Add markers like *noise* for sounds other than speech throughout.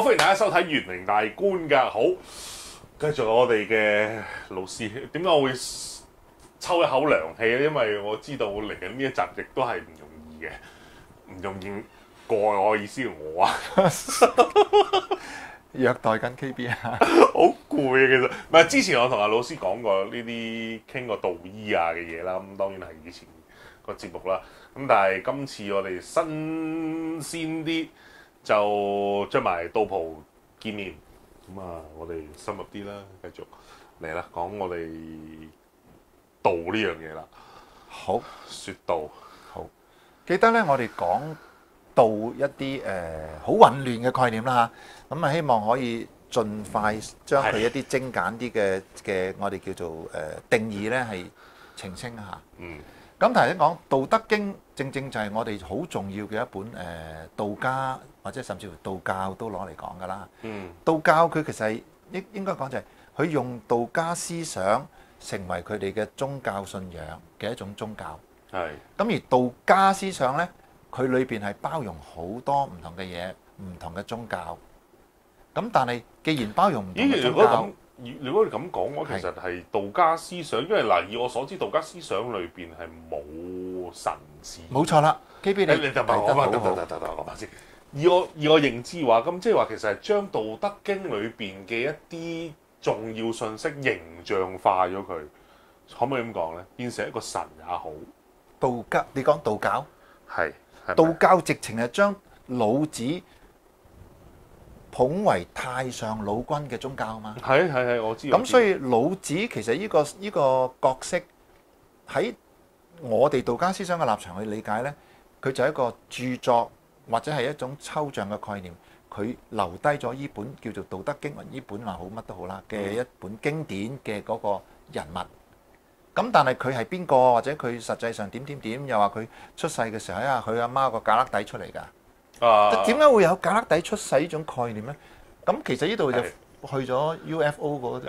我歡迎大家收睇《玄靈大觀》㗎，好，繼續我哋嘅老師，點解我會抽一口涼氣啊，因為我知道嚟緊呢一集亦都係唔容易嘅，唔容易過我意思我啊，虐待緊 KB 啊， *laughs* 好攰啊，其實唔係，之前我同阿老師講過呢啲傾過道醫啊嘅嘢啦，咁當然係以前個節目啦，咁但係今次我哋新鮮啲。就將埋道袍見面，咁啊，我哋深入啲啦，繼續嚟啦，講我哋道呢樣嘢啦。好，説道好，記得咧，我哋講道一啲誒好混亂嘅概念啦，嚇，咁啊，希望可以盡快將佢一啲精簡啲嘅嘅，我哋叫做誒定義咧，係澄清下。嗯，咁頭先講《道德經》，正正就係我哋好重要嘅一本誒道家。或者甚至乎道教都攞嚟講噶啦。嗯，道教佢其實係應應該講就係佢用道家思想成為佢哋嘅宗教信仰嘅一種宗教是。係。咁而道家思想咧，佢裏邊係包容好多唔同嘅嘢，唔同嘅宗教。咁但係既然包容唔到如果咁，如果你咁講我其實係道家思想，因為嗱、呃、以我所知，道家思想裏邊係冇神智。冇錯啦。KB，你等等我，等等等等等，我講返先。以我以我認知嘅話，咁即係話其實係將《道德經》裏邊嘅一啲重要信息形象化咗佢，可唔可以咁講咧？變成一個神也好，道家你講道教，係道教直情係將老子捧為太上老君嘅宗教啊嘛。係係係，我知道。咁所以老子其實呢個呢個角色喺我哋道家思想嘅立場去理解咧，佢就係一個著作。或者係一種抽象嘅概念，佢留低咗依本叫做《道德經文》，依本話好乜都好啦嘅一本經典嘅嗰個人物。咁但係佢係邊個？或者佢實際上點點點？又話佢出世嘅時候喺啊佢阿媽個隔肋底出嚟㗎。啊！點解會有隔肋底出世呢種概念咧？咁其實呢度就去咗 UFO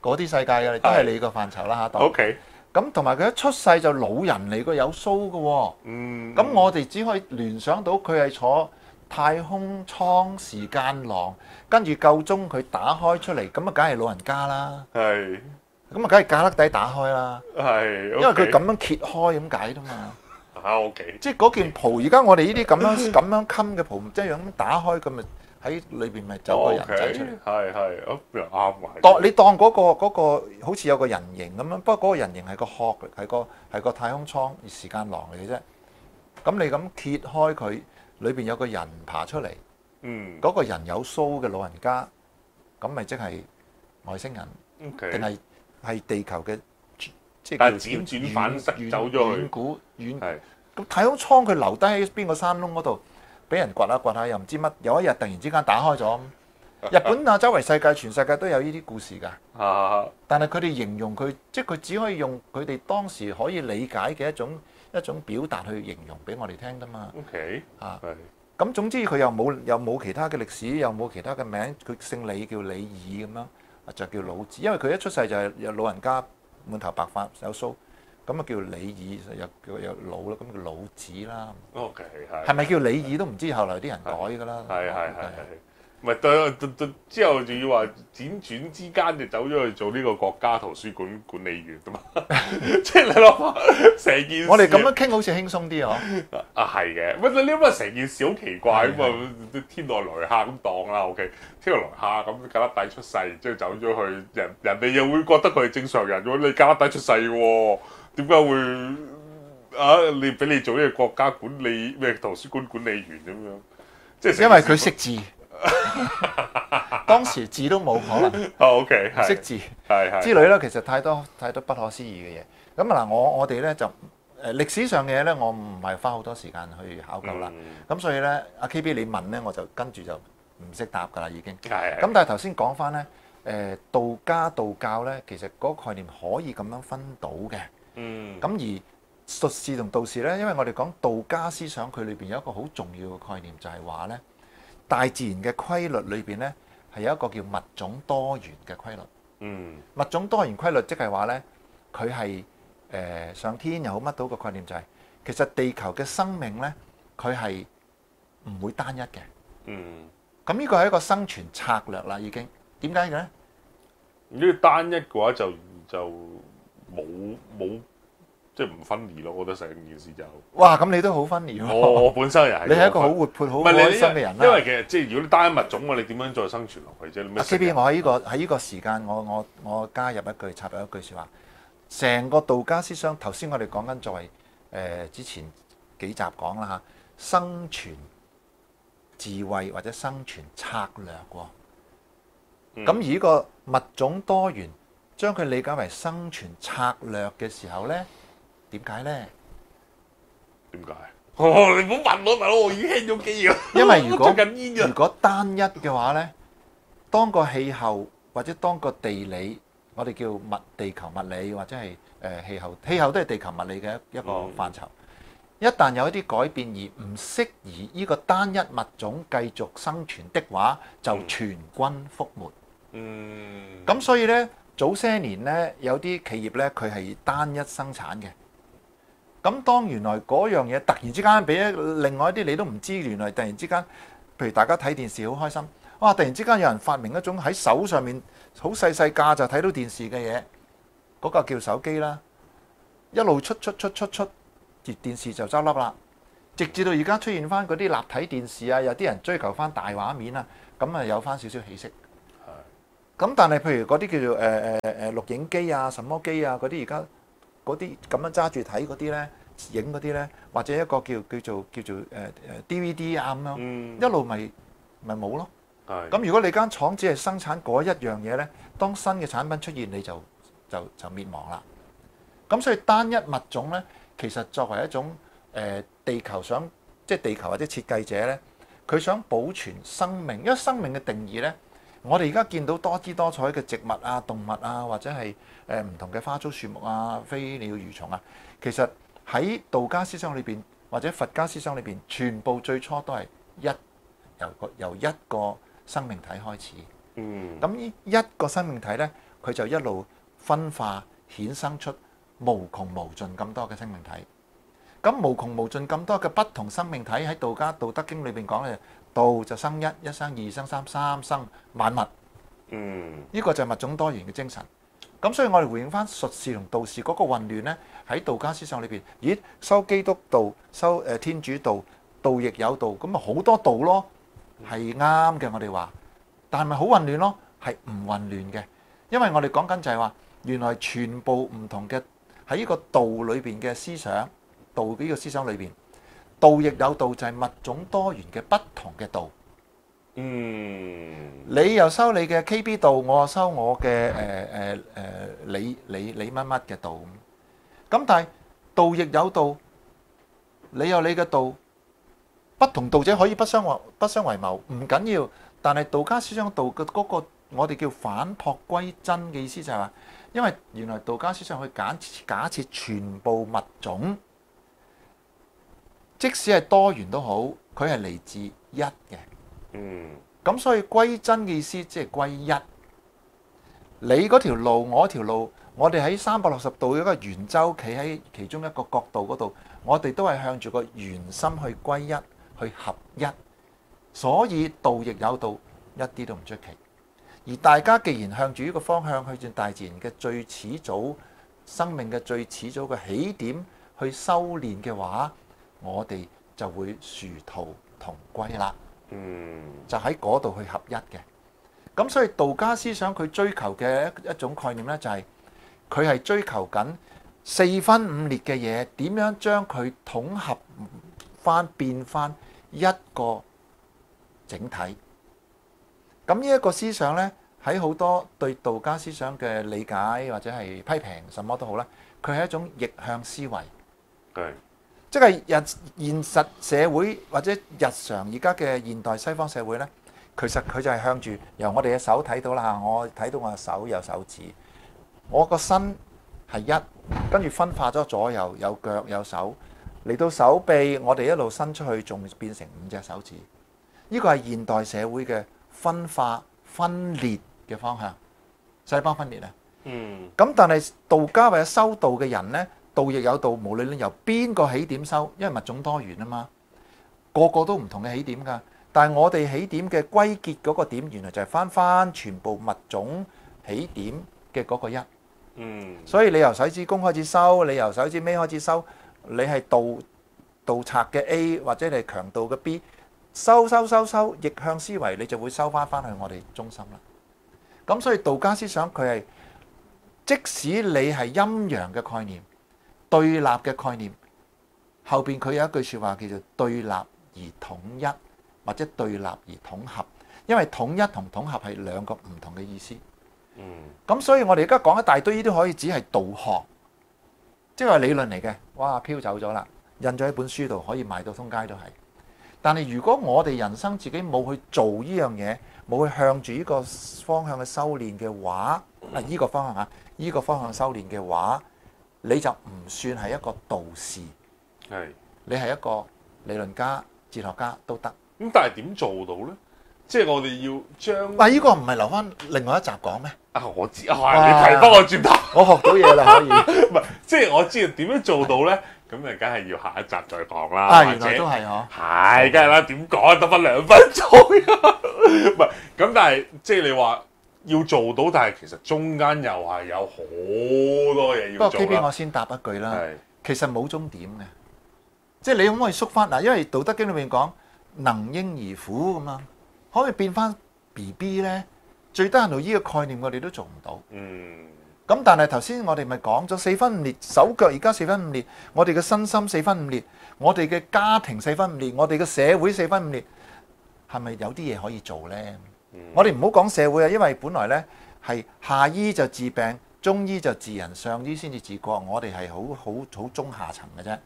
嗰啲世界㗎，都係你個範疇啦嚇。好。Uh, okay. 咁同埋佢一出世就老人嚟個有鬚嘅、哦，咁、嗯嗯、我哋只可以聯想到佢係坐太空艙時間廊，跟住夠鐘佢打開出嚟，咁啊梗係老人家啦。係是，咁啊梗係架得底打開啦。係，okay, 因為佢咁樣揭開咁解啫嘛。O okay , K，okay, 即係嗰件袍，而家 okay, okay. 我哋呢啲咁樣咁 *laughs* 樣襟嘅袍，即係咁打開咁啊。喺裏邊咪走個人仔 Okay, 出嚟，係係一樣啱埋。當 *noise* 你當嗰、嗰個、嗰個、好似有個人形咁樣，不過嗰個人形係個殼，係個係個太空艙、時間囊嚟嘅啫。咁你咁揭開佢，裏邊有個人爬出嚟。嗯，嗰個人有鬚嘅老人家，咁咪即係外星人，定係係地球嘅？即係轉轉反側走咗去。咁是太空艙佢留低喺邊個山窿嗰度？俾人掘下掘下又唔知乜，有一日突然之間打開咗。日本啊， *laughs* 周圍世界全世界都有呢啲故事噶。 *laughs* 但係佢哋形容佢，即係佢只可以用佢哋當時可以理解嘅一種一種表達去形容俾我哋聽噶嘛。OK，啊，咁總之佢又冇又冇其他嘅歷史，又冇其他嘅名，佢姓李叫李耳咁樣，就叫老子。因為佢一出世就係有老人家滿頭白髮，有咁啊叫李耳又叫又老啦。咁叫老子啦。OK，係，係咪叫李耳都唔知，後嚟啲人改噶啦。係係係係。唔係，對對對，之後仲要話輾轉之間就走咗去做呢個國家圖書館管理員，咁啊，即係你諗成件。我哋咁樣傾好似輕鬆啲嗬。啊，係嘅，唔你諗啊，成件事好奇怪咁啊， *laughs* 的天外來客咁當啦，OK？天外來客咁，胳肋底出世，之後走咗去，人人哋又會覺得佢係正常人，如果你胳肋底出世，點解會啊？你俾你做呢個國家管理咩圖書館管理員咁樣，即係因為佢識字，當時字都冇可能，OK，識字係係之類啦。其實太多太多不可思議嘅嘢。咁啊嗱，我我哋咧就誒歷史上嘅嘢咧，我唔係花好多時間去考究啦。咁所以咧，阿 KB 你問咧，我就跟住就唔識答噶啦，已經。係。咁但係頭先講返咧，誒道家道教咧，其實嗰個概念可以咁樣分到嘅。嗯。咁而術士同道士咧，因為我哋講道家思想，佢裏邊有一個好重要嘅概念，就係話咧。大自然嘅規律裏邊呢，係有一個叫物種多元嘅規律。嗯，物種多元規律即係話呢，佢係誒上天又好乜都個概念就係其實地球嘅生命呢，佢係唔會單一嘅。嗯，咁呢個係一個生存策略啦。已經點解嘅呢？如果單一嘅話就，就就冇冇。即係唔分離咯，我覺得成件事就哇！咁你都好分離喎！我本身又係你係一個好活潑、好開心嘅人啦。因為其實即係如果單一你單物種我你點樣再生存落去啫？阿 KB，我喺呢個喺呢個時間，我我我加入一句插入一句說話，成個道家思想頭先我哋講緊作為誒之前幾集講啦嚇生存智慧或者生存策略喎。哦嗯、而呢個物種多元將佢理解為生存策略嘅時候咧。點解呢？點解？哦，你唔好問我，問我已經輕咗機啊！因為如果如果單一嘅話呢，當個氣候或者當個地理，我哋叫物地球物理或者係誒氣候，氣候都係地球物理嘅一個範疇。一旦有一啲改變而唔適宜呢個單一物種繼續生存的話，就全軍覆沒。嗯。咁所以呢，早些年呢，有啲企業呢，佢係單一生產嘅。咁當原來嗰樣嘢突然之間俾另外一啲你都唔知，原來突然之間，譬如大家睇電視好開心，哇、啊！突然之間有人發明一種喺手上面好細細架就睇到電視嘅嘢，嗰個叫手機啦。一路出出出出出，出，出，而電視就執笠啦。直至到而家出現翻嗰啲立體電視啊，有啲人追求翻大畫面啊，咁啊有翻少少起色。係。咁但係譬如嗰啲叫做誒誒誒錄影機啊、什麼機啊嗰啲，而家。嗰啲咁樣揸住睇嗰啲咧，影嗰啲咧，或者一個叫叫做叫做誒誒 DVD 啊咁樣，一路咪咪冇咯。係咁，如果你間廠只係生產嗰一樣嘢咧，當新嘅產品出現，你就就就滅亡啦。咁所以單一物種咧，其實作為一種誒地球想，即係地球或者設計者咧，佢想保存生命，因為生命嘅定義咧。我哋而家見到多姿多彩嘅植物啊、動物啊，或者係誒唔同嘅花草樹木啊、飛鳥魚蟲啊，其實喺道家思想裏邊或者佛家思想裏邊，全部最初都係一由由一個生命體開始。嗯，咁呢一個生命體咧，佢就一路分化衍生出無窮無盡咁多嘅生命體。咁無窮無盡咁多嘅不同生命體喺道家《道德經》裏邊講嘅，道就生一，一生二，生三，三生萬物。嗯，依個就係物種多元嘅精神。咁所以我哋回應翻術士同道士嗰個混亂咧，喺道家思想裏邊，咦，修基督道、修誒天主道，道亦有道，咁啊好多道咯，係啱嘅。我哋話，但係咪好混亂咯？係唔混亂嘅，因為我哋講緊就係話，原來全部唔同嘅喺依個道裏邊嘅思想。道呢個思想裏邊，道亦有道，就係物種多元嘅不同嘅道。嗯，你又收你嘅 KB 道，我又收我嘅誒誒誒，你你你乜乜嘅道咁。咁但係道亦有道，你有你嘅道，不同道者可以不相為不相為謀，唔緊要。但係道家思想道嘅嗰個我哋叫返璞歸真嘅意思就係話，因為原來道家思想可以假設全部物種。即使係多元都好，佢係嚟自一嘅。嗯，咁所以歸真嘅意思即係歸一。你嗰條路，我條路，我哋喺三百六十度一個圓周，企喺其中一個角度嗰度，我哋都係向住個圓心去歸一，去合一。所以道亦有道，一啲都唔出奇。而大家既然向住呢個方向去轉大自然嘅最始祖生命嘅最始祖嘅起點去修練嘅話，我哋就會殊途同歸啦，嗯，就喺嗰度去合一嘅。咁所以道家思想佢追求嘅一一種概念咧，就係佢係追求緊四分五裂嘅嘢，點樣將佢統合翻變翻一個整體。咁呢一個思想咧，喺好多對道家思想嘅理解或者係批評什麼都好啦，佢係一種逆向思維。對。即係日現實社會或者日常而家嘅現代西方社會呢，其實佢就係向住由我哋嘅手睇到啦，我睇到我嘅手有手指，我個身係一，跟住分化咗左右有腳有手，嚟到手臂我哋一路伸出去仲變成五隻手指，呢個係現代社會嘅分化分裂嘅方向，細胞分裂啊，嗯，咁但係道家或者修道嘅人呢。道亦有道，無論你由邊個起點收，因為物種多元啊嘛，個個都唔同嘅起點噶。但係我哋起點嘅歸結嗰個點，原來就係翻翻全部物種起點嘅嗰個一。嗯。所以你由手指公開始收，你由手指尾開始收，你係盜盜賊嘅 A 或者你係強盜嘅 B，收收收收，逆向思維，你就會收翻翻去我哋中心啦。咁所以道家思想佢係，即使你係陰陽嘅概念。對立嘅概念，後邊佢有一句説話叫做對立而統一，或者對立而統合，因為統一同統合係兩個唔同嘅意思。嗯，咁所以我哋而家講一大堆呢啲可以只係道學，即係理論嚟嘅。哇，飄走咗啦，印咗喺一本書度可以賣到通街都係。但係如果我哋人生自己冇去做呢樣嘢，冇去向住呢個方向去修煉嘅話，啊呢、嗯、個方向啊，呢、這個方向修煉嘅話。你就唔算係一個道士，係你係一個理論家、哲學家都得。咁但係點做到咧？即係我哋要將，唔係依個唔係留翻另外一集講咩？啊，我知啊，你提翻我轉頭，我學到嘢啦可以。唔係，即係我知點樣做到咧？咁啊，梗係要下一集再講啦。啊，原來都係呵，係梗係啦。點講？得翻兩分鐘，唔係咁，但係即係你話。要做到，但係其實中間又係有好多嘢要做啦。不過 KB，我先答一句啦。係其實冇終點嘅，即係你可唔可以縮翻嗱？因為《道德經》裏面講能嬰兒乎咁啊，可，可以變翻 B B 咧。最低限度依個概念，我哋都做唔到。嗯。咁但係頭先我哋咪講咗四分五裂，手腳而家四分五裂，我哋嘅身心四分五裂，我哋嘅家庭四分五裂，我哋嘅社會四分五裂，係咪有啲嘢可以做咧？我哋唔好講社會啊，因為本來咧係下醫就治病，中醫就治人，上醫先至治國。我哋係好好好中下層嘅啫，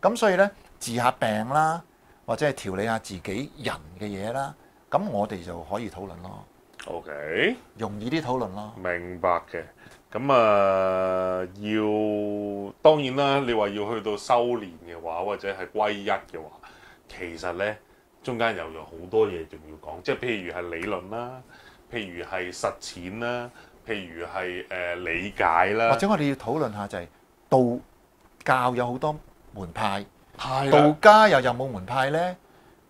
咁所以咧治下病啦，或者係調理下自己人嘅嘢啦，咁我哋就可以討論咯。OK，容易啲討論咯。明白嘅，咁啊、呃、要當然啦，你話要去到修煉嘅話，或者係歸一嘅話，其實咧。中間又有好多嘢仲要講，即係譬如係理論啦，譬如係實踐啦，譬如係誒理解啦。或者我哋要討論下就係、是、道教有好多門派，的道家又有冇門派咧？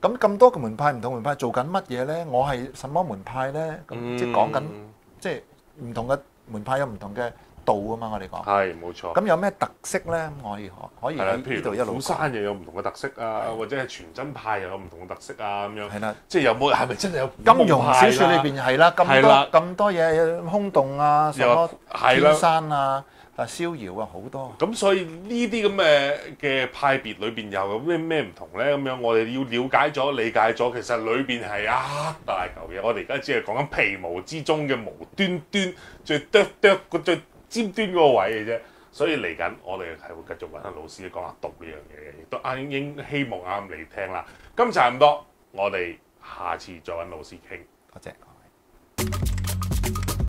咁咁多個門派唔同門派做緊乜嘢咧？我係什麼門派咧？咁、嗯、即係講緊即係唔同嘅門派有唔同嘅。道啊嘛，我哋講係冇錯。咁有咩特色咧？可以可以譬如呢度一路，山又有唔同嘅特色啊，或者係全真派又有唔同嘅特色啊，咁樣係啦。即係有冇係咪真係有？金庸小說裏邊係啦，咁多咁多嘢，空洞啊，什麼斧山啊，啊逍遙啊，好多。咁所以呢啲咁嘅嘅派別裏邊又有咩咩唔同咧？咁樣我哋要了解咗、理解咗，其實裏邊係啊，大嚿嘢。我哋而家只係講緊皮毛之中嘅無端端最哆哆最，尖端嗰個位嘅啫，所以嚟緊我哋係會繼續揾下老師講下道呢樣嘢嘅，亦都啱英希望啱你聽啦。今集咁多，我哋下次再揾老師傾，多謝各位。